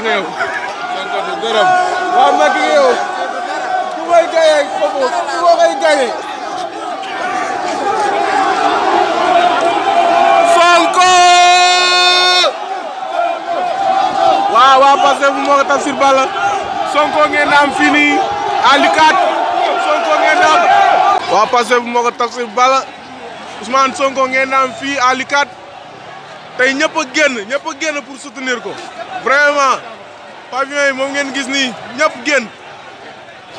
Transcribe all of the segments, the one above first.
métti nga yow. gërëm. waaw métti nga yow. ku may gayee foofu moo ko Tafsir Balla. Sonko ngeen am fii nii alikaat. Sonko ngeen am. waaw parce que moo ko Tafsir Balla. Ousmane Sonko ngeen am fii alikaat. tey ñëpp a génn ñëpp a génn pour soutenir ko vraiment pavillon yi moom ngeen gis nii ñëpp génn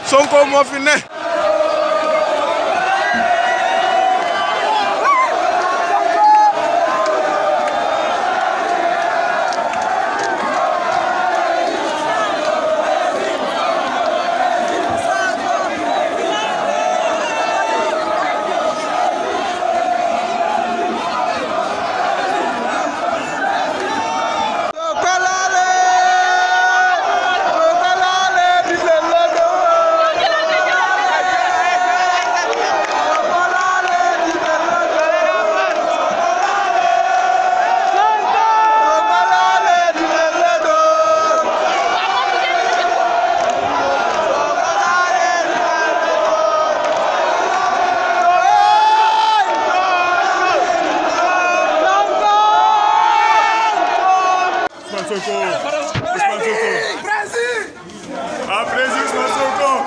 Sonko moo fi ne Sonko Ousmane Sonko ah président Ousmane Sonko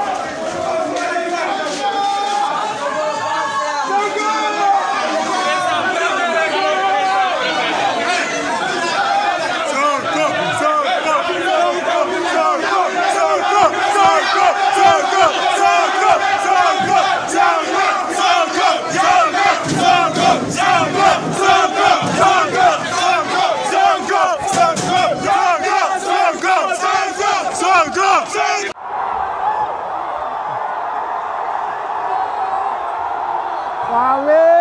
waaw